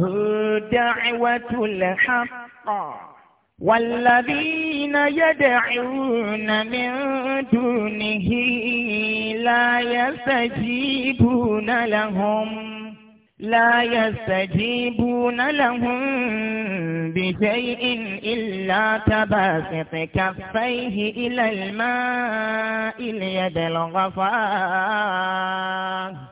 هو دعوة الحق والذين يدعون من دونه لا يستجيبون لهم لا يستجيبون لهم بشيء إلا تباسط كفيه إلى الماء ليبلغ فاه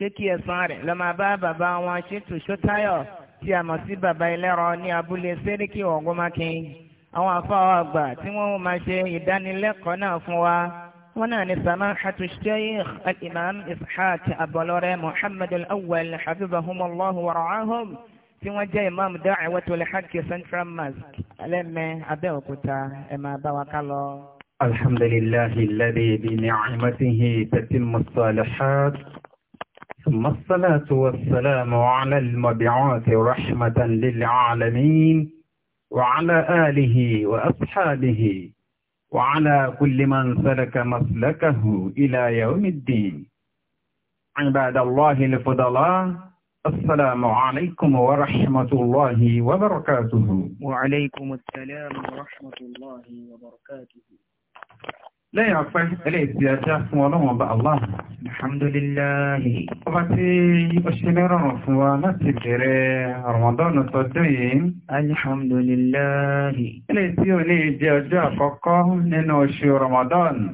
pé kí ẹ̀san rẹ̀ lọ máa bá bàbá wọn ṣètò ṣótáyọ̀ tí a mọ̀ sí bàbá ẹlẹ́rọ ní abúlé sẹ́ríkì ọ̀gọ́mákin àwọn afáwọ̀ àgbà tí wọ́n máa ṣe ìdánilẹ́kọ̀ọ́ náà fún wa wọn náà ní samahatu sheikh al-imam ishaq abọlọrẹ muhammad awwal hafizahumullahu wa ra'ahum tí wọ́n jẹ́ imam da'watul haqq central mosque alẹ́mẹ́ abẹ́òkúta ẹ̀ máa bá wa ká lọ. alhamdulillahi alladhi bi ni'matihi tatimmu as ثم الصلاة والسلام على المبعوث رحمة للعالمين وعلى آله وأصحابه وعلى كل من سلك مسلكه إلى يوم الدين عباد الله الفضلاء السلام عليكم ورحمة الله وبركاته وعليكم السلام ورحمة الله وبركاته lẹ́yìn ọpẹ́ ẹlẹ́ẹ̀tì ajá fún ọlọ́wọ̀n bá Allah alhamdulillahi ọba tí ó ṣe lẹ́rọ̀rùn fún wa láti bẹ̀rẹ̀ ọ̀rọ̀mọ̀dọ́nù tọdún yìí alhamdulillahi ẹlẹ́ẹ̀tì ò ní jẹ́ ọjọ́ àkọ́kọ́ nínú oṣù ọ̀rọ̀mọ̀dọ́nù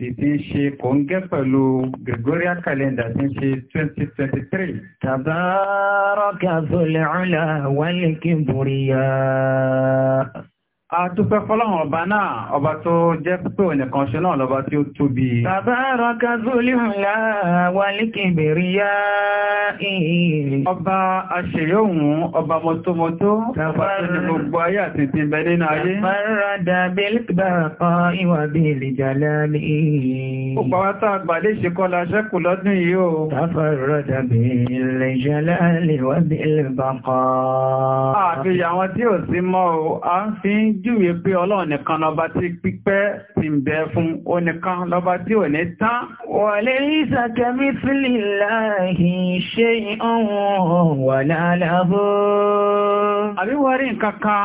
2023. tabaraka zul ula wal kibriya. Àtúfẹ́ fọ́lọ́wọ̀n ọba náà, ọba tó jẹ́ pípẹ́ ònìkan ṣe náà lọba tí ó tóbi. Tabaraka zul ula wal kibriya. Ọba aṣèyóhun, ọba mọ́tómọ́tó, ọba tó ní gbogbo ayé àti ti nínú ayé. Tabarada bil barai wa bil jalali. Ó pàwá tá a gbàdé ṣe kọ́ júwe pé ọlọ́run nìkan lọba tí pípẹ́ ti ń bẹ fún onìkan lọba tí ò ní tán. wọ̀lẹ́ ìsàkẹ́mí fílì láàáhì ṣe ọ̀hún wà láàlábọ́. àbíwọ́rí nǹkan kan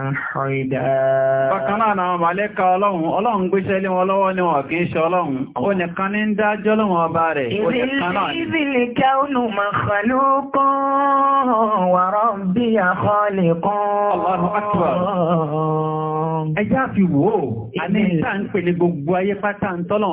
واحدا bákan náà àwọn màlẹ́kà ọlọ́run ọlọ́run gbéṣẹ́ lé wọn lọ́wọ́ ni wọ́n kì í ṣe ọlọ́run ó nìkan ní ń dájọ́ lọ́wọ́ ọba rẹ̀ ó nìkan náà ni ìzìlì kẹ́ùnù makhluqun wa Allahu akbar ẹjá fi wò ó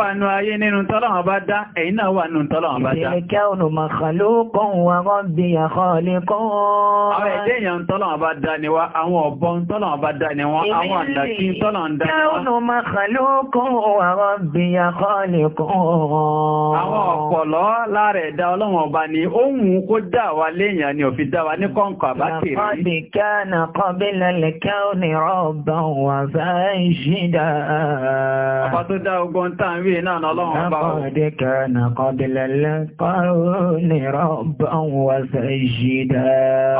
wà nù ayé nínú tọ́lọ̀ ọba dá ẹ̀yin makhluqan wa rabbiya khaliqan. Àwọn ẹ̀dẹ́ èèyàn tọ́lọ̀ bá dá ni wá, àwọn ọ̀bọ̀n tọ́lọ̀ bá dá ni wọ́n, àwọn àdàkí tọ́lọ̀ ń dá ni wá. Kaunu makhluqan wa rabbiya khaliqan. Àwọn ọ̀pọ̀lọ́ lára ẹ̀dá ọlọ́run ọba ni ó wa léèyàn ni òfin dá wa ní kọ̀ǹkọ̀ àbákèrè. Laqad kana qabla wa sajida. Ọba tó dá ogun táà ń náà ọlọ́run ọba. Laqad kana qabla al-kawni rabban. ربا وسيدا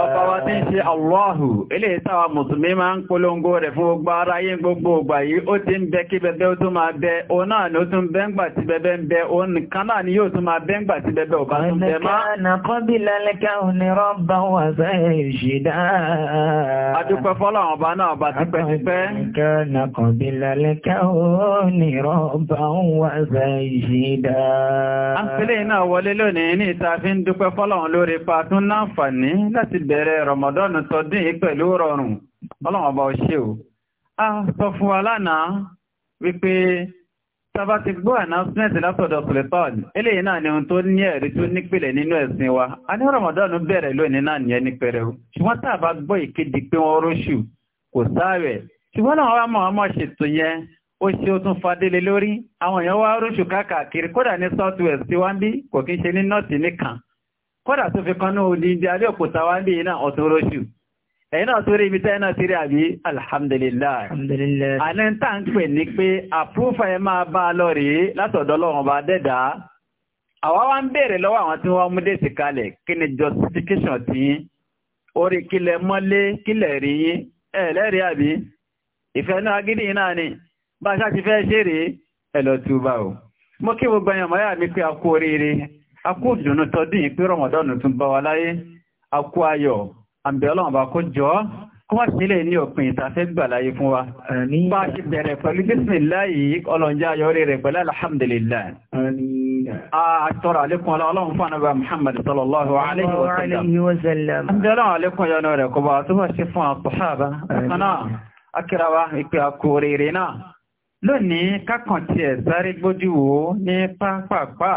ọba wa tí ń ṣe Allahu ilé ìtawà mùsùlùmí máa ń polongo rẹ̀ fún gbogbo ara yí gbogbo ògbà yìí ó ti ń bẹ kí bẹbẹ ó tún máa bẹ o náà ni ó tún bẹ ń gbà tí bẹbẹ ń bẹ o nìkan náà ni yóò tún máa bẹ ń gbà tí bẹbẹ ò bá tún bẹ má. ọ̀nà kọ́bí lálẹ́kẹ́ òní rọ́bà wà sẹ́yìn ṣìdá. adúpẹ́ fọ́lá àwọn ọba náà bá ti pẹ́ dúpẹ́ fọ́lọ̀wọ̀n lórí pa tún láǹfààní láti bẹ̀rẹ̀ rọmọdọ́nù tọdún yìí pẹ̀lú rọrùn ọlọ́wọ̀n bá ṣe o. a sọ fún wa lánàá wípé sábà ti gbọ́ announcement látọ̀dọ̀ sultan eléyìí náà ni ohun tó ní ẹ̀rí tó nípìlẹ̀ nínú ẹ̀sìn wa a ní rọmọdọ́nù bẹ̀rẹ̀ lónìí náà nìyẹn ní pẹrẹ o ṣùgbọ́n tá a bá gbọ́ ìkéde pé wọ́n róṣù kò sáàwẹ̀ ó ṣe ó tún fadélé lórí àwọn èèyàn wá róṣù káàkiri kódà ní south west tí wọ́n ń bí kò kí ń ṣe ní north nìkan kọ́dà tó fi kan náà ní ilé òkúta wá ní iná ọ̀tún róṣù ẹ̀yìn náà tó rí ibi tẹ́ náà ti àbí alhamdulillah alẹ́ ń ni justification ti yín orí kílẹ̀ mọ́lé kílẹ̀ rí yín ẹ̀ lẹ́rìí àbí ìfẹ́ náà gidi náà ni bá a ṣáà ti fẹ́ ṣeré ẹ̀ lọ túbà o mo kí gbogbo ẹ̀yàn mọ́ yà mí pé a kú oríire a kó dùnú tọdún ìpé rọmọdọ́nù tún bá wa láyé a kó ayọ̀ àbẹ̀ ọlọ́run bá kó jọ kó wá sílẹ̀ ní òpin ìtafẹ́ gbà láyé fún wa bá ti bẹ̀rẹ̀ pẹ̀lú bísmìláyì ọlọ́njá ayọ̀ rẹ̀ pẹ̀lú alhamdulillah àtọ́rọ̀ àlékún ọlọ́run fún ànàbà Muhammad sallallahu alaihi wa sallam àbẹ̀ ọlọ́run àlékún yọnu rẹ̀ kọba tó bá ṣe fún àpọ̀hábá kanáà akírawa ìpé àkórèrè náà lónìí kákàntí ẹ̀ sáré gbójú wo ní pápápá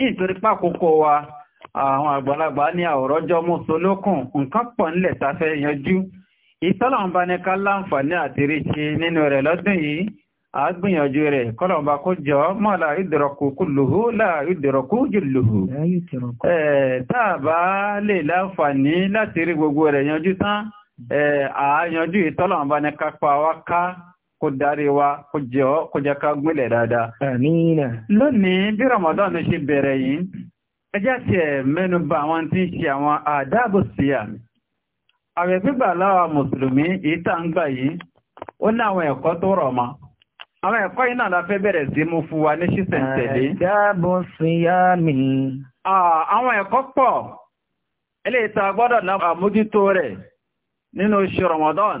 nítorí pákòókò wa àwọn àgbàlagbà ní àwòrọ́jọ́ mú solókùn nǹkan pọ̀ nílẹ̀ tafẹ́ yanjú ìtọ́lọ̀mbá ní ká láǹfààní àti rí nínú rẹ̀ lọ́dún yìí rẹ̀ kó jọ mọ́ la ìdọ̀rọ̀kù la lè láǹfààní láti rí gbogbo rẹ̀ yanjú tán ní ká pa wá Ko darí wa kó jẹ́ ọ́ kó jẹ́ ká gúnlẹ̀ bí Ramadan ṣe bẹ̀rẹ̀ yìí ẹ jẹ́ tiẹ̀ mẹ́nu bá àwọn tí ń ṣe àwọn àdáàbò sí àmì. àwẹ̀ gbígbà láwa mùsùlùmí èyí tá ń gbà yìí ó ní àwọn ẹ̀kọ́ tó rọ̀ mọ́ àwọn ẹ̀kọ́ yìí náà la fẹ́ bẹ̀rẹ̀ sí mú fún wa ní ṣísẹ̀ntẹ̀lé. àdáàbò sí àmì. àwọn ẹ̀kọ́ pọ̀ eléyìí tá a gbọ́dọ̀ náà àmójútó rẹ̀ nínú oṣù Ramadan.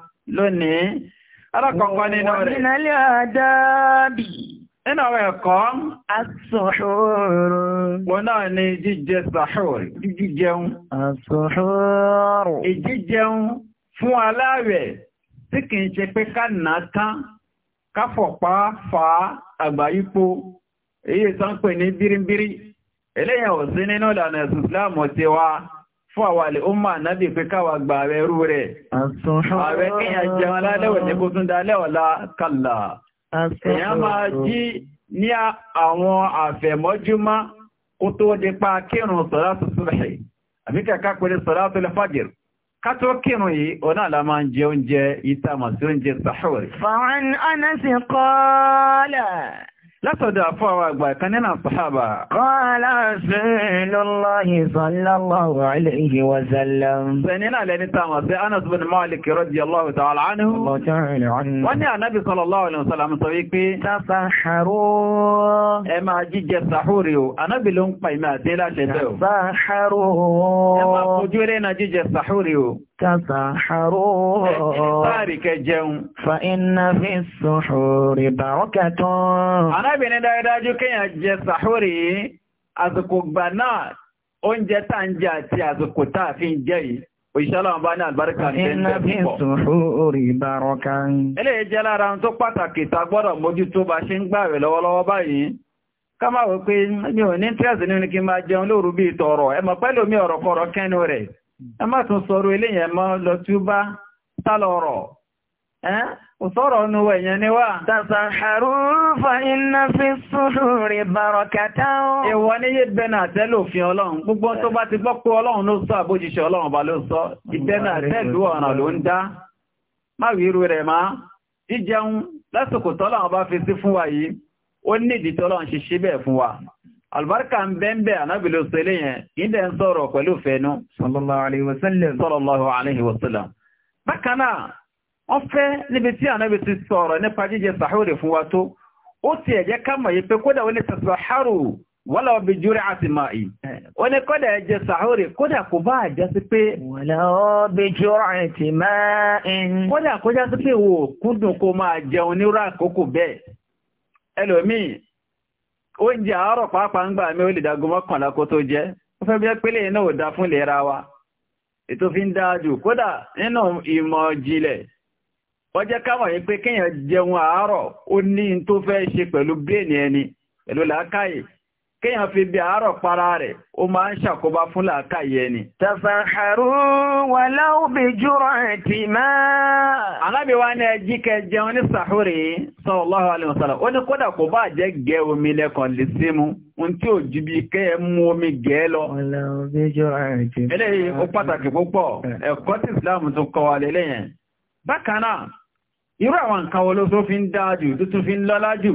lónìí alákọ̀ọ́kọ́ nínú rẹ̀ ìnálẹ́ àdábì nínú àwọn ẹ̀kọ́ asọ̀hóró wọn náà ni jíjẹ sàhóró jíjẹun asọ̀hóró ìjíjẹun fún aláàwẹ̀ tí kìí ṣe pé ká nà tán káfọ̀pá fa àgbáyípo èyí sánpẹ̀ ní bíríbírí eléyàn ò sí nínú ìlànà ìsìsìláàmù tiwa fún àwọn àlè ó máa náà bí pé káwà gba ààrẹ rú rẹ̀. ààrẹ kíyàn jẹun alálẹ́wọ̀ ní kó tún dalẹ́wọ̀ lákàlà. èèyàn máa jí ní àwọn àfẹ̀mọ́júmọ́ kó tó dípa kírun sọ̀rátù súbhì àbí kàkà pẹ̀lú sọ̀rátù lẹ́fàjìr ká tó kírun yìí ọ̀nà àlà máa ń jẹ oúnjẹ ìtàmọ̀ sí oúnjẹ sàhùrì. fàwọn Anas qala látọ̀dọ̀ àfọ́ àwọn àgbà kan nínú àpàábà. Qala Rasulullahi sallallahu alayhi wa sallam. Bẹ̀ni náà lẹni táwọn sí Anas bin Malik radiyallahu ta'ala anhu. Wọ́n ní ànábì sallallahu alayhi wa sallam sọ wípé. Tasahharu. Ẹ máa jíjẹ sàhúrì o, ànábì ló ń تسحروا بارك جون فإن في السحور بركة أنا بني دايداجو كي أجي سحوري أذكوك بنات oúnjẹ tá ń jẹ àti àsìkò tá a fi ń jẹ yìí òṣìṣẹ́lá ọba ní àlùbáríkà tẹ́ntẹ́ púpọ̀. eléyìí jẹ́ lára ohun tó pàtàkì tá gbọ́dọ̀ mójútó bá ṣe ń gbààwẹ̀ lọ́wọ́lọ́wọ́ báyìí ká máa wò pé mi ò ní tírẹ̀sì nínú kí n máa jẹun lóru bíi tọ̀rọ̀ ẹ ẹ má tún sọ̀rọ̀ eléyẹn mọ́ lọ tí ó bá sálọ̀rọ̀ Òsọ́rọ̀ ọ̀nà wẹ̀ yẹn ni wà. Tàṣàṣàrú fa iná fi sùúrù rí bàrọ̀kàtà ó. Ìwọ ní yé bẹ́nà àtẹ́lò òfin ọlọ́run. Gbogbo tó bá ti gbọ́ pé ọlọ́run ló sọ àbójíṣẹ́ ọlọ́run bá ló sọ. Ìbẹ́nà àtẹ́lù albarka ń bẹ́ẹ̀bẹ̀ anábìlò sẹ́lẹ̀ yẹn ìdẹ̀ ń sọ̀rọ̀ pẹ̀lú fẹ́nu sallallahu alaihi wasallam sallallahu alaihi wasallam bákan náà wọ́n fẹ́ níbi tí anábì ti sọ̀rọ̀ nípa jíjẹ sàhúrì fún wa tó ó ti ẹ̀jẹ́ ká mọ̀ yí pé kódà wọ́n lè tẹ̀sọ̀ haru wala bi jur'ati ma'i ó ní kódà ẹ̀jẹ́ ẹlòmíì o àárọ̀ pàápàá ń gbà mí ó lè dágún mọ́kànlá kó tó jẹ́ ó fẹ́ bí pélé wa ètò fi ń dájú kódà nínú ìmọ̀ ìjìnlẹ̀ wọ́n jẹ́ káwọn yìí pé kéèyàn jẹun àárọ̀ ó ní tó fẹ́ ṣe pẹ̀lú bíènì ẹni pẹ̀lú làákàyè kéèyàn fi bí àárọ̀ para rẹ̀ ó máa ń ṣàkóbá fún làákàyè ni. tàfàhàrú wà láwùbí jùrọ̀ ẹ̀tì máa. alábì wa ní ẹjí kẹ jẹun ní sàhúrì sallallahu alaihi wasallam ó ní kódà kò bá jẹ́ gẹ omi lẹ́kàn lè símu ohun tí ò ju bí kẹ́ ẹ mú omi gẹ́ lọ. eléyìí ó pàtàkì púpọ̀ ẹ̀kọ́ tí Islam tún kọ́ wa lélẹ́yìn. bákan náà irú àwọn nǹkan wo ló tún fi ń dáa jù tó tún fi ń lọ́lá jù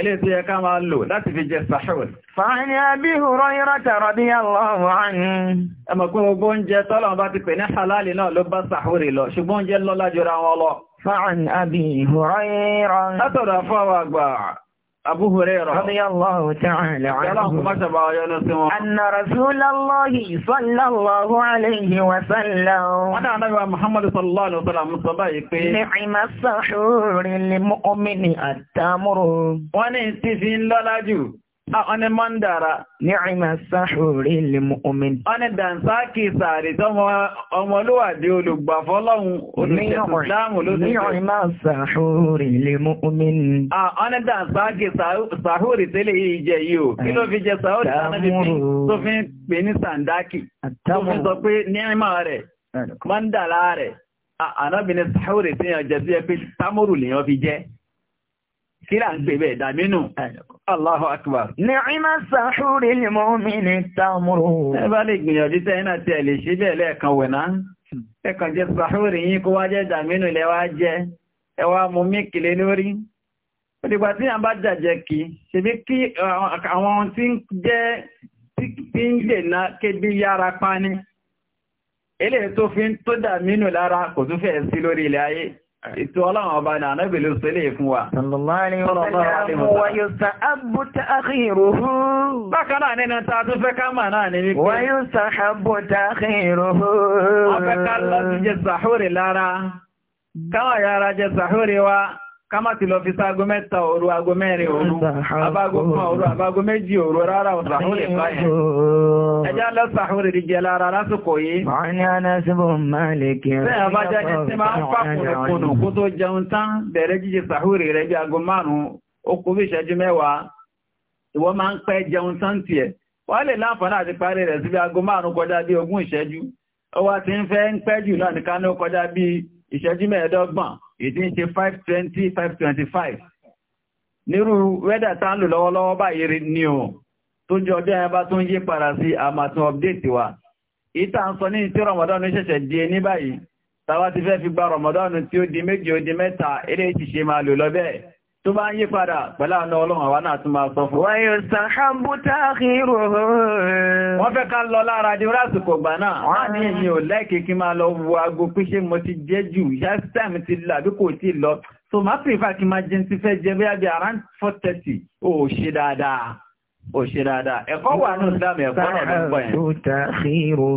eléèsí ẹka máa lò láti fi jẹ sahur. fàání Abi Hurairah radiyallahu anhu. ẹmọ̀kún gbogbo oúnjẹ tọ́lọ̀ bá ti pè ní halali náà ló bá sahur lọ ṣùgbọ́n oúnjẹ lọ́lá jọra wọn lọ. fàání Abi Hurairah. látọ̀dọ̀ أبو هريرة رضي الله تعالى عنه أن رسول الله صلى الله عليه وسلم أنا نبي محمد صلى الله عليه وسلم صبايك نعم السحور للمؤمن التمر ونستفين للاجو Ọni mọ́ndàrà ní àìmà sáhùrí ilẹ̀ omi. Ọni dànsáàkì sàárì tọ́mọ ọmọlúwàdí olùgbàfọ́lọ́hun olùsẹ̀sùsùlámù ló ti jẹ́. Ní àìmà sáhùrí ilẹ̀ omi. Ọni dànsáàkì sàhùrí tẹ́lẹ̀ yìí jẹ yìí o. Kí ló fi jẹ sàhùrí kíra n pè bẹ́ẹ̀ Allahu Akbar. Ni'ima sahuri lil mu'mini tamuru. Ẹ bá lè gbìyànjú tẹ́yìn náà tẹ́ lè ṣe bẹ́ẹ̀ lẹ́ẹ̀kan wẹ̀ náà. Ẹkàn jẹ́ sahuri yín kó wá jẹ́ dàmínú lẹ wá jẹ́ ẹ wá mú mí kìlẹ̀ lórí. Òdìgbà tí yàn bá jàjẹ́ kí, ṣebí kí àwọn tí ń jẹ́ tí ń lè kébí yára Eléyìí tó Ètò ọlọ́run ọba ni ànábì ló sọ eléyìí fún wa. Bákan náà nínú ta tún fẹ́ ká mà náà ní wípé. Wọ́n yóò sàhábò tààkìrò. Afẹ́ká lọ sí jẹ sàhórì lára. Káwọn yára jẹ sàhórì wa. Kama ti lọ fi sáàgó mẹ́ta òru aago mẹ́rin òru abágo fún òru abágo méjì òru rárá ọ̀sàhúrì báyẹn ẹjá lọ sàhúrì rí jẹ lára lásìkò yìí wọ́n ní anásíbò máàlìkì rẹ̀ yọ́ wọ́n lè láǹfààní àti parí rẹ̀ sí bí aago márùn-ún kọjá bí ogún ìṣẹ́jú ó wá ti ń fẹ́ ń pẹ́ jù náà nìkan ní ó kọjá bí ìṣẹ́jú mẹ́ẹ̀ẹ́dọ́gbọ̀n ìdí ń ṣe 520 525 nírú wẹ́dà tá ń lò lọ́wọ́lọ́wọ́ báyìí ni o tó jọ ọjọ́ ẹyẹ bá tún yí padà sí àmàtún update wa ìta ń sọ ní tí Ramadan ṣẹ̀ṣẹ̀ di ní báyìí tàwa ti fẹ́ fi gba Ramadan tí ó di méjì ó di mẹ́ta eré ìṣiṣẹ́ máa lò lọ bẹ́ẹ̀ tó bá ń yí padà pẹ̀lá ọ̀nà ọlọ́run àwa náà tún máa sọ fún. wọ́n yóò sàhábù táàkìrò wọ́n fẹ́ ká lọ lára di rásìkò gbà náà wọ́n ní èyí ò lẹ́kì kí máa lọ wo aago píṣẹ́ mo ti jẹ́ jù yásítẹ́m so máa pè fà kí máa i around four thirty ó ṣe dáadáa. òṣè dáadáa ẹ̀kọ́ wà ní ìsìlámù ẹ̀kọ́ náà ló ń gbọ́ yẹn. sáà tó ta xírò.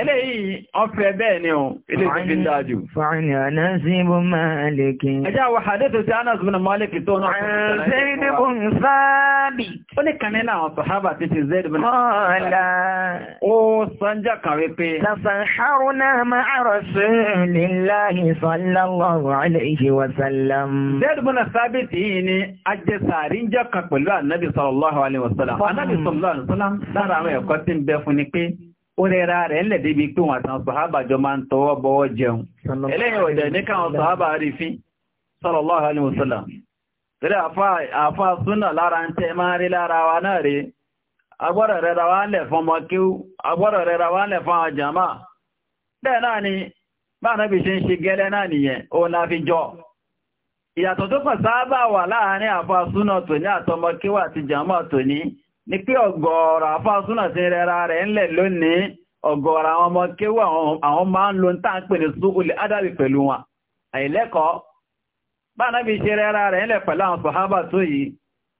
eléyìí wọ́n fẹ́ bẹ́ẹ̀ ni o eléyìí fi dáa jù. fàánì ànásìbò máàlìkì. ẹ jẹ́ àwọn àdètò tí anas bin malik tó náà. zayd bin sábìt. ó ní kan nínú àwọn sàhábà ti ti zayd bin. kọ́ọ̀lá. ó sanjá kan wípé. tasaharu náà ma rasulillahi sallallahu alayhi wa sallam. zayd bin sábìt yìí ni ajẹ́sàrí ń jẹ́ kan pẹ̀lú ànábì sallallahu sallallahu alaihi wasallam anábì sallallahu alaihi wasallam lára àwọn ẹ̀kọ́ tí ń bẹ fún ni pé ó rẹra rẹ̀ ń lẹ̀dẹ́ bí pé wọn àtàwọn sàhábà jọ máa ń tọwọ́ bọwọ́ jẹun eléyìn ọ̀dẹ̀ ní káwọn sàhábà rí fi sallallahu alaihi wasallam tẹ́lẹ̀ àfá súnà lára ń tẹ́ máa ìyàtọ̀ tó pọ̀ sáábà wà láàárín àfá súnà tòní àtọmọ kíwà àti jàmọ́ tòní ní pé ọgọ́rọ̀ afọ ti rẹra rẹ̀ ńlẹ̀ lónìí ọgọ́rọ̀ àwọn ọmọkíwà àwọn máa ń lo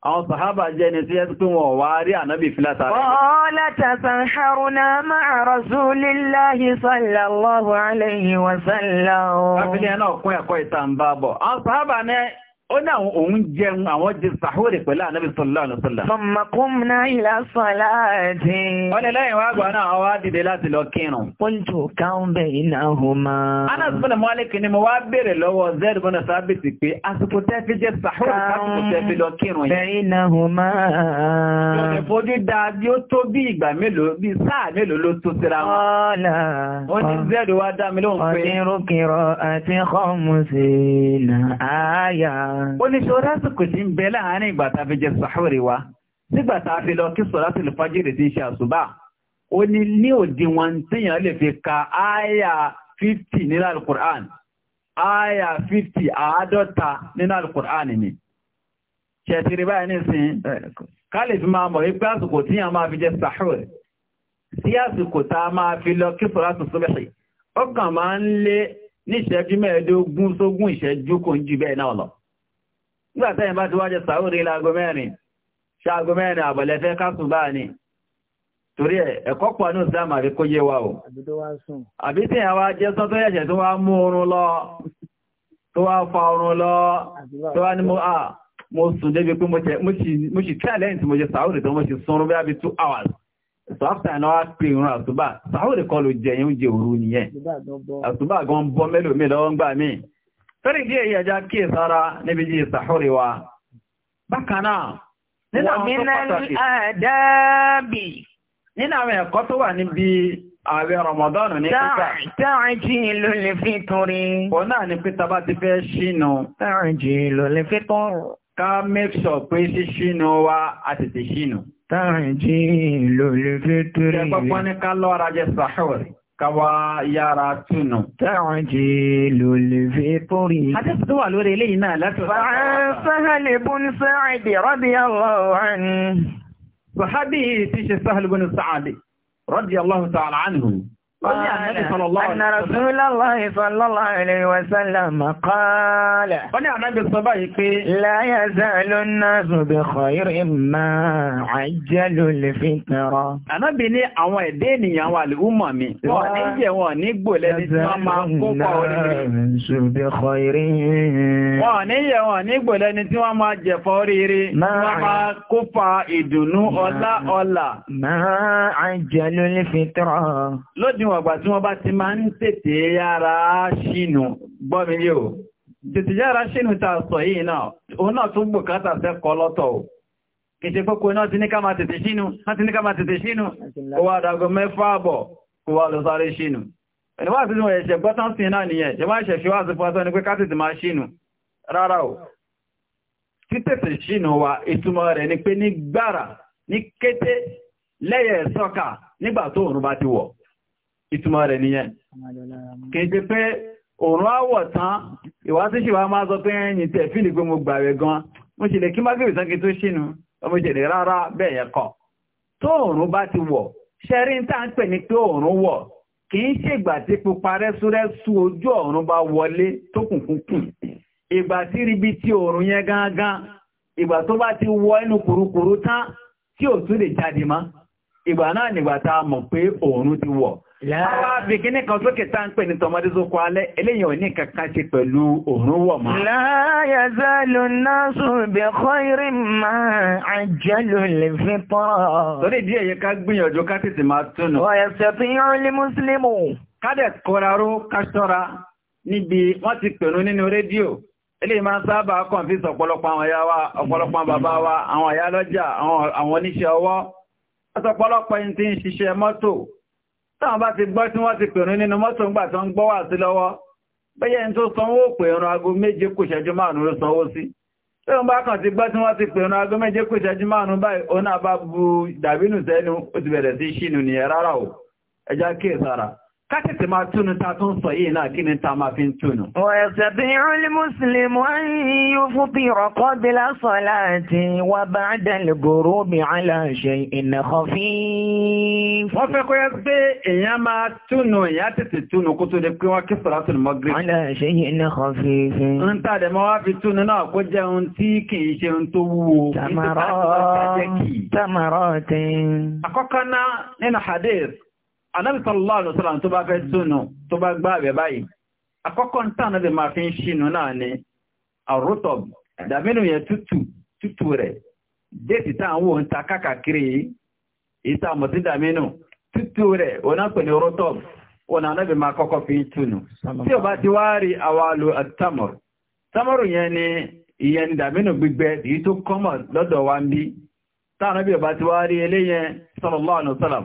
àwọn sàhábà jẹ́ ni tí ẹ́ tó wọ̀n wá rí ànábì fílátà rẹ̀. Qālata sanharunā ma'a rasūlillāhi sallallahu alayhi wa sallam. Káfílẹ̀ ó ní àwọn òun jẹun àwọn jẹ sàhóòrè pẹ̀lú ànábì sallallahu alaihi wasallam. Thumma qumna ila salati. wọ́n ní lẹ́yìn wá gbà náà wá dìde láti lọ kírun. qultu kan baynahuma. anas bin malik ni mo wá béèrè lọ́wọ́ zayd bin sabit pé àsìkò tẹ́ fi jẹ sàhóòrè àsìkò tẹ́ fi lọ kírun yìí. baynahuma. lọ́dẹ̀ fojú da bí ó tó bí ìgbà mélòó bí sáà mélòó ló tó síra wọn. ọ̀la ó ní ṣọ́ lásìkò tí ń bẹ láàárín ìgbà tá a fi jẹ sàhúrì wa nígbà tá a fi lọ kí sọ̀látùl fájìrì tí ń ṣe àṣùbà ó ní ní òdiwọ̀n tíyàn lè fi ka áyà 50 nínú alukur'an áyà 50 àádọ́ta nínú alukur'an ni ṣẹ̀tìrì báyìí nísìn ká lè fi máa mọ̀ ipé àsìkò tíyàn máa fi jẹ sàhúrì sí àsìkò tá a máa fi lọ kí sọ̀látùl súbhì ọkàn máa ń lé ní ìṣẹ́jú mẹ́ẹ̀ẹ́dógún sógún ìṣẹ́jú kò ń jù bẹ́ẹ̀ náà lọ nígbà tẹ́yìn bá ti wájẹ sàúrì láago mẹ́rin ṣáago mẹ́rin àbọ̀lẹ́fẹ́ kásùn bá ní torí ẹ̀kọ́ pọ̀ ní islam àbí kó yé wa o àbí tí ìyàn wá jẹ́ sọ́tọ́ ẹ̀ṣẹ̀ mo à ah, mo sùn débi pé mo sì tẹ́ lẹ́yìn tí mo two hours so after an hour pé irun àsùbà sàúrì kọ́ ló jẹ yẹn ó jẹ òru nìyẹn àsùbà Fẹ́rì bí èyí ẹja kí ìsára níbi jí ìsàhórí wa. Bákanáà, nínú àwọn ẹ̀kọ́ tó wà níbi ààwẹ̀ Ramadanu ní pípa. Táàjì ìlú lè fi torí. Bọ̀ náà ni pípa bá ti fẹ́ ṣínú. Táàjì ìlú lè fi tọrọ. Ká make sure pé ṣíṣínú wa a tètè ṣínú. Táàjì ìlú lè fi torí. Ṣé pọ́pọ́ ní ká lọ́ra jẹ sàhórí. káwá yára túnù. Tẹ́ọ̀jì lòlè fi torí. Adẹ́sù tó wà lórí eléyìí náà látọ̀. Sahal ibn Sa'id radiyallahu anhu. Sahabi ti ṣe Sahal ibn Sa'id radiyallahu ta'ala anhu. أن رسول الله صلى الله عليه وسلم قال لا يزال الناس بخير ما عجلوا الفترة Ànábì ní àwọn ẹ̀dẹ́ ènìyàn wà lè úmọ̀ mi, wọ́n ní jẹ́ wọn ní gbò lẹ́ni tí wọ́n máa ń kópa oríire. Wọ́n ní jẹ́ wọn ní gbò lẹ́ni tí wọ́n máa jẹ̀fọ́ oríire, wọ́n máa kópa ìdùnnú níwọ̀n àgbà tí wọ́n bá ti máa ń tètè yára ṣínú gbọ́mílé o tètè yára ṣínú ta sọ yìí náà òun náà tún bùkátà sẹ́kọ́ lọ́tọ̀ o kìí ṣe pọ́kọ́ náà ti ní ká máa tètè ṣínú láti ní ká máa tètè ṣínú kó wá dago mẹ́fà àbọ̀ kó wá lọ náà nìyẹn ṣe máa tètè ṣínú rárá o wa ìtumọ̀ rẹ̀ ni pé ní gbára ní kété lẹ́yẹ̀ sọ́kà nígbà tó òun bá ti wọ̀ ìtumọ̀ rẹ̀ nìyẹn kìí ṣe pé òun àwọ̀ tán ìwá tí ṣìwá máa sọ pé ẹ̀yìn tẹ̀ fíìlì pé mo gbàwẹ̀ gan mo ṣe lè kí mágbèrè sánkì tó ṣínú ọmọ ìṣẹ̀lẹ̀ rárá bẹ́ẹ̀ yẹn kọ̀ tó òun bá ti wọ̀ ṣẹ́rí tá ń pè ní pé òun wọ̀ kìí ṣègbà tí pupa rẹ́súrẹ́sú ribi tí òòrùn yẹn gángan ìgbà tó bá ti wọ inú kùrukùru tán tí ò tún lè jáde mọ́ ìgbà náà nìgbà mọ̀ pé òòrùn ti wọ̀ Láàbí kí ní kan sókè tá ń pè ní tọmọdé sókò alẹ́, eléyìn ò kankan ṣe pẹ̀lú òórùn wọ̀ máa. La yazalu nnasu bi khairin ma ajjalu al-fitra. Torí ìdí èyí ká gbìyànjú ká tètè máa túnú. Wa yastati'u al-muslimu. Kádẹ̀ kọraró káṣọ́ra níbi wọ́n ti pẹ̀lú nínú rédíò. Eléyìí máa ń sábà kàn fi sọ̀pọ̀lọpọ̀ àwọn ìyá wa, ọ̀pọ̀lọpọ̀ bàbá táwọn bá ti gbọ́ tí wọ́n ti pèrún nínú mọ́tò ńgbà tó ń gbọ́ wà sí lọ́wọ́ bẹ́yẹ̀ tó sanwó pèrún aago méje kò ṣẹ́jú márùn ló sanwó sí tí bá kàn ti gbọ́ tí wọ́n ti pèrún aago méje kò ṣẹ́jú márùn báyìí ó náà bá bu dàbínù sẹ́nu ó ti bẹ̀rẹ̀ sí ṣínú nìyẹn rárá o ẹjá kátẹ̀tẹ̀ máa túnú ta tó ń sọ yìí náà kí ni ta máa fi ń túnú. ọ̀ẹ̀sẹ̀ bí rúlí mùsùlùmí wọ́n yóò fún bí rọ̀kọ́ bí lásọ̀ láti wà bá dẹ̀lẹ̀ gòrò bí aláṣẹ ìnàkọ́ fi. wọ́n fẹ́ kọ́ yẹ pé èèyàn máa túnú èèyàn tètè túnú kó tó lè pé wọ́n kí sọ̀rọ̀ tún mọ́gírí. aláṣẹ ìnàkọ́ fi. ń tà dẹ̀ mọ́ wá fi túnú náà kó jẹ́ ohun tí kì í ṣe ohun tó Ànábì sallallahu alaihi wasallam tó bá fẹ́ túnù tó bá gbá àbẹ̀ báyìí. Àkọ́kọ́ ń tàn náà máa fi ń ṣínú náà ni àrótọ̀b, dàmínú yẹn tútù, tútù rẹ̀. Déètì táà ń wò ń ta kákàkiri yìí, ìta mọ̀ dàmínú, tútù rẹ̀, òun náà pè ni ìyẹn ni dàmínú gbígbẹ èyí tó kọ́mọ̀ lọ́dọ̀ wa ń bí. Táà sallallahu alaihi wasallam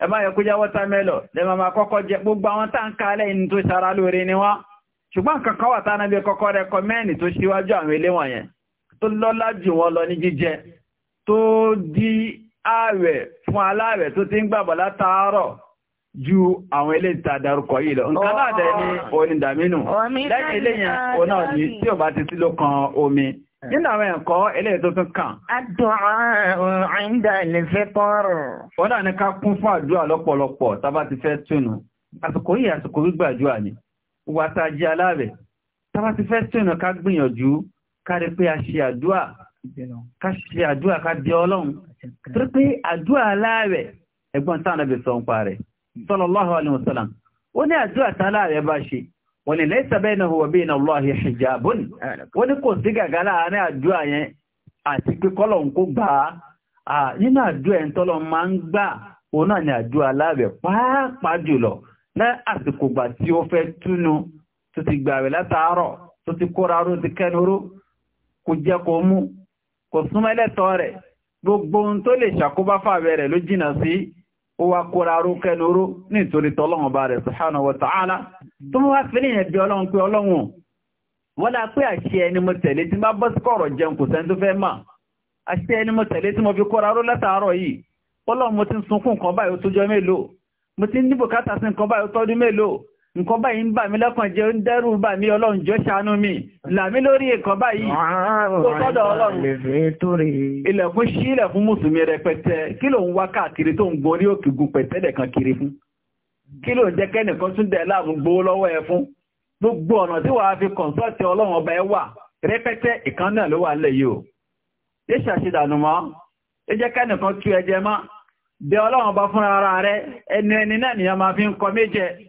ẹ máa yẹ kó jẹ́ wọ́tàmẹ́lọ̀ lẹ́mọ̀ máa kọ́kọ́ jẹ gbogbo àwọn táǹkà lẹ́yìn tó ṣara lóore ni wọ́n ṣùgbọ́n kankan wà tánà bí kọ́kọ́ rẹkọmẹ́ẹ̀nì tó ṣíwájú àwọn ilé wọ̀nyẹn tó lọ́lá jù wọn lọ ní jíjẹ tó di ààwẹ̀ fún aláàwẹ̀ tó ti ń gbàbọ̀ látàárọ̀ ju àwọn ilé ìta darúkọ yìí lọ nǹkan láàdẹ ní oh. orin dàmínú oh, lẹ́yìn ilé yẹn òun náà ní tí ò bá ti sílò kan omi Eh. Nínú àwọn ẹ̀kọ́ eléyìí tó tún kàn. Àdúrà ìdá ilẹ̀ fẹ́ tọ́rọ̀. Wọ́n dà ní ká kún fún àdúrà lọ́pọ̀lọpọ̀ tábà ti fẹ́ túnú. Àsìkò yìí àsìkò gbígbàdúrà ni. Wà tá a jẹ aláàrẹ̀. Tábà ti fẹ́ túnú ká gbìyànjú ká rí pé a ṣe àdúrà. Ká ṣe àdúrà ká di Ọlọ́run. Torí pé àdúrà aláàrẹ̀ ẹ̀gbọ́n táwọn ẹbí sọ ń parẹ̀. Sallallahu wọ́n ni laysa bainahu wa baina Allahi hijabun wọ́n ni kò sí gàgà láàárín àdúrà yẹn àti pé kọ́lọ̀ ń kó gbà á nínú àdúrà yẹn tọ́lọ̀ máa ń gbà òun náà ni àdúrà láàrẹ̀ pàápàá jùlọ ní àsìkò gbà tí ó fẹ́ túnu tó ti gbààwẹ̀ látàárọ̀ tó ti kóra ró ti kẹnuró kò jẹ kò mú kò súnmọ́ ẹlẹ́tọ́ rẹ̀ gbogbo ohun tó lè ṣàkóbá fàwẹ̀ rẹ̀ ló jìnnà sí ó wá kóra ró kẹnuró nítorí tọ́lọ́wọ̀n bá rẹ̀ subhanahu wa ta'ala tó mú wá fílẹ̀ yẹn ọlọ́run pé ọlọ́run wọ́n lá pé àṣẹ ẹni mo tẹ̀lé tí bá bọ́ sí kọ̀rọ̀ jẹun kò sẹ́ni tó fẹ́ mà àṣẹ ẹni mo tẹ̀lé tí mo fi kóra ró látàárọ̀ yìí ọlọ́run mo ti ń sunkún nǹkan báyìí ó tójọ́ mélòó mo ti ń níbò kátà sí nǹkan báyìí ó tọ́dún mélòó nǹkan báyìí ń bà mí lọ́kàn jẹ́ ń dẹ́rù bà mí ọlọ́run jọ̀ọ́ ṣàánú mi làmí lórí nǹkan báyìí tó sọ́dọ̀ ọlọ́run ilẹ̀kùn ṣí ilẹ̀kùn mùsùlùmí rẹpẹtẹ kí ló ń wá káàkiri tó ń gorí òkìgun pẹ̀tẹ́lẹ̀ kan kiri fún kí ló ń jẹ́ kẹ́nìkan tún dẹ̀ láàmú gbowó lọ́wọ́ ẹ fún gbogbo ọ̀nà tí wàá fi kọ̀ǹsọ́ọ̀tì ọlọ́run ọba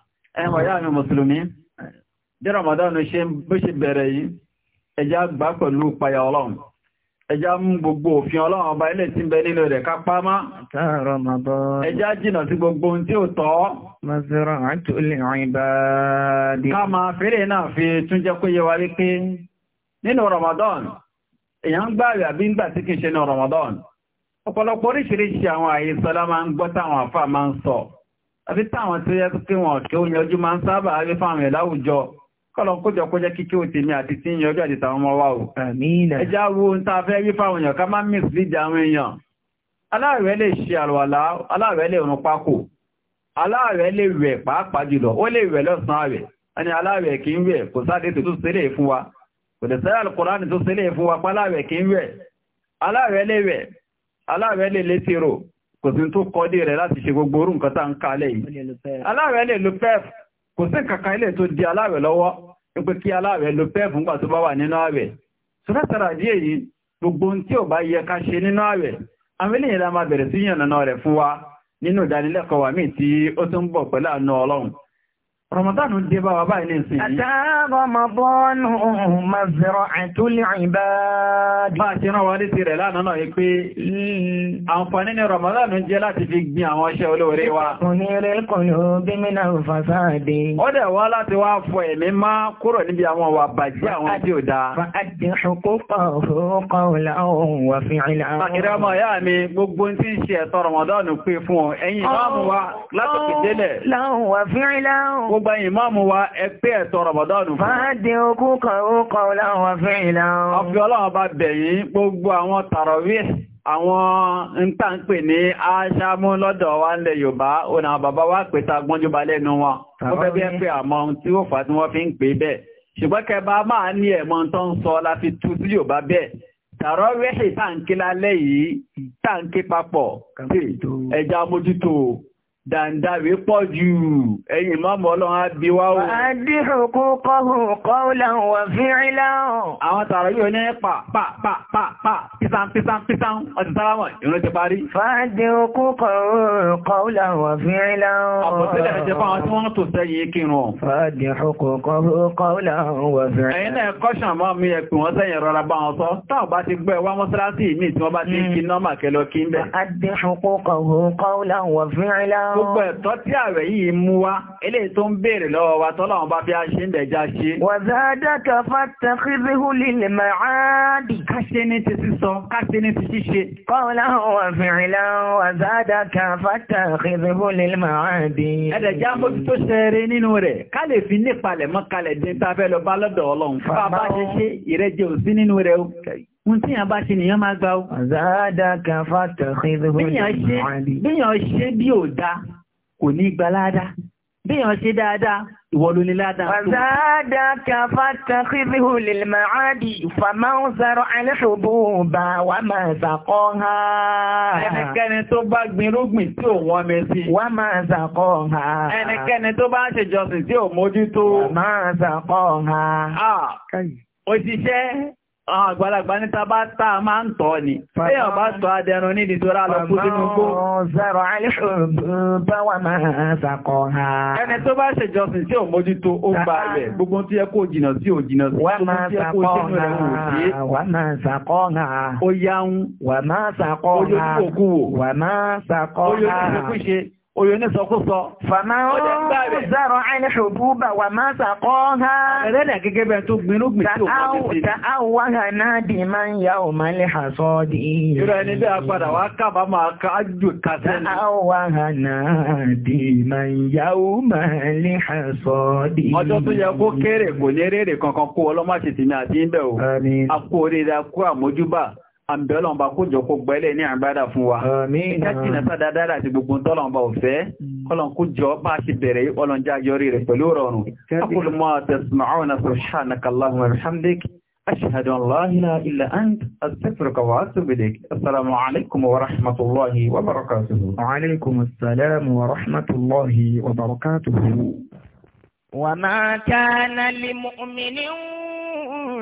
ẹwọ̀n ya mi mùsùlùmí bí Ramadan ṣe bó ṣe bẹ̀rẹ̀ yìí ẹjá gbà pẹ̀lú payà ọlọ́run ẹjá mú gbogbo òfin ọlọ́run ọba ilẹ̀ tí ń bẹ nínú rẹ̀ ká pámá ẹjá jìnà sí gbogbo ohun tí ó tọ́ ká máa náà fi tún jẹ́ kó wa wípé nínú Ramadan èèyàn gbà rẹ̀ àbí ń gbà tí kìí Ramadan ọ̀pọ̀lọpọ̀ oríṣiríṣi àwọn àyè sọlá máa ń gbọ́ táwọn àfà máa ń àbí táwọn tí ó yẹ kí wọn kí ó yanjú máa ń sábà rí fáwọn ìláwùjọ kọ́lọ̀ kójọ kó jẹ́ kí kí ó ti ní àti tí ń yọjú àti tàwọn ọmọ wa ò ẹjá wo ń ta fẹ́ rí fáwọn èèyàn ká má mislead àwọn èèyàn aláàrẹ̀ lè ṣe àlùwàlá aláàrẹ̀ lè rún pákò aláàrẹ̀ lè wẹ̀ pàápàá jùlọ ó lè wẹ̀ lọ́sàn-án rẹ̀ ẹni aláàrẹ̀ kì í wẹ̀ kò sáde tó tó sílẹ̀ fún wa kò lè sẹ́yà Al-Kùránì tó sílẹ̀ fún wa páláàrẹ̀ kì í wẹ̀ aláàrẹ̀ lè wẹ̀ aláàrẹ̀ lè létí kò sí tó kọ́dé rẹ̀ láti ṣe gbogbo orú nǹkan tá ń kalẹ̀ yìí aláàrẹ̀ lè lo pef kò sí kankan ilé tó di aláàrẹ̀ lọ́wọ́ pé kí aláàrẹ̀ lo pef ńgbà tó bá wà nínú ààrẹ̀ sọ́lẹ́sàrà díẹ̀ yìí gbogbo ohun tí ò bá yẹ ká ṣe nínú ààrẹ̀ àwọn eléyìí la máa bẹ̀rẹ̀ sí yànnàná rẹ̀ fún wa nínú ìdánilẹ́kọ̀ọ́ wa míì tí ó tún bọ̀ pẹ̀lú àánú ọlọ́run Rọmọdánù dé bá wa báyìí nìsìn yìí. Àtàrà Rọmọdánù Mazara àtúlẹ̀ ìbáàdì. Bá ti rán wa ní ti rẹ̀ lánàá náà yí pé àǹfààní ni Rọmọdánù jẹ́ láti fi gbin àwọn iṣẹ́ olóore wa. Kùnìrẹ́ kùnú bí mínà fàfáàdé. Ó dẹ̀ wá láti wá fọ ẹ̀mí má kúrò níbi àwọn wà bàjẹ́ àwọn tí ò dáa. Fàádì ṣùkúkọ̀ òfurukọ̀ làwọn wà wa látòkè délẹ̀. Láwọn wà fi gbogbo ìmáàmù wa ẹgbẹ́ ẹ̀tọ́ Ramadan. Fáàdé ogún kan ó kọ láwọn fẹ́ ìlànà. Ọfí ọlọ́run bá bẹ̀yìn gbogbo àwọn tàràwíẹ̀ àwọn ntàǹpè ní aṣámú lọ́dọ̀ wa ń lẹ Yorùbá òun àwọn bàbá wa pè ta gbọ́njúba lẹ́nu wọn ó fẹ́ bí ẹ pé àmọ́ tí ó fà tí wọ́n fi ń pè bẹ́ẹ̀ ṣùgbọ́n kẹba máa ní ẹ̀mọ́ tó ń sọ la fi tu sí Yorùbá bẹ́ẹ̀ tààrọ́ rẹ́ṣì tàǹkì lálẹ́ yìí tàǹkì papọ̀ ẹja mójútó dàndàbí pọ̀ jù ẹ̀yìn mọ́mọ̀ ọlọ́run á bí wá òun. Àdí òkú kọ́hùn kọ́ùlàn wà fi ìlàun. Àwọn tààrà yóò ní pa pa pa pa pa písán písán písán ọdún sáramọ̀ ìrún ti parí. Fàádí òkú kọ́hùn wà fi ìlàun. Àpọ̀sílẹ̀ ti fáwọn tí wọ́n tò sẹ́yìn kírun. Fàádí òkú kọ́hùn wà fi ìlàun. Ẹ̀yin náà kọ́ṣàn mọ́ mi ẹ̀pìn wọ́n sẹ́yìn rọra bá wọn sọ. Táwọn bá ti gbẹ́ wá mọ́sálásí mi tí wọ́n bá ti hmm. kí gbogbo ẹ̀tọ́ tí ààrẹ yìí mú wá eléyìí tó ń béèrè lọ́wọ́ wa tọ́lọ́wọ́n bá bí a ṣe ń dẹ̀já ṣe wàzádàkà fàtàkìrìhù lil ma'adi káṣe ní ti sísọ káṣe ní ti ṣíṣe qawlan wa fi'lan wàzádàkà fàtàkìrìhù lè fi nípalẹ̀ Wọ́n tí yàn bá ṣe nìyàn máa gbá ó. Àzáàdá kan fàtà Bíyàn ṣe bí ò dá, kò ní gba ládá. Bíyàn ṣe dáadáa, ìwọ ló ní ládá. Àzáàdá máa ń sọ̀rọ̀ aláṣòbò bá wà máa sàkọ́ ha. Ẹnikẹ́ni tó bá gbin tí ò wọ́n mẹ́ sí. Wà máa sàkọ́ ha. Ẹnikẹ́ni tó bá ṣèjọsìn tí àwọn àgbàlagbà ní tàbá táa máa ń tọ́ ni èyàn bá tọ́ adẹnu ní ìdíjọ́ra lọ kú sínú kó zẹ́rọ alẹ́ṣọ́bọ́wà máa sàkọ̀ ha ẹni tó bá ṣèjọsìn tí ò mójútó ó gbà rẹ̀ gbogbo tí ẹ kó jìnà sí ò jìnà sí wà máa sàkọ̀ ha ó yáun wà máa sàkọ̀ ha Oyo ní sọkúsọ. n ó zàrọ̀ àìní ṣòbúbà wà máa sàkọ́ ha. Ẹ̀rẹ́ nà gẹ́gẹ́ bẹ́ẹ̀ tó gbin lóògbìn tí ó Ta àwọ̀ ha na dì ya di. Irọ́ ẹni bí apadà wá ma ma ká ka kásẹ̀ ni. Ta àwọ̀ ha na dì máa ń ya di. Ọjọ́ tó to kó kéré kankan àbẹ̀ọ́lọ̀ ọba kó jọ kó gbẹ́lẹ̀ ní àbádà fún wa. ìjásínà sádádára àti gbogbo tọ́lọ̀ ọba òfẹ́ mm. kọ́lọ̀ kó jọ bá ṣe bẹ̀rẹ̀ ọlọ́njá yọrí rẹ̀ pẹ̀lú rọrùn. aqulu ma tasma'una subhanaka allahumma wa bihamdik ashhadu an la ilaha illa wa ma kana li mu'minin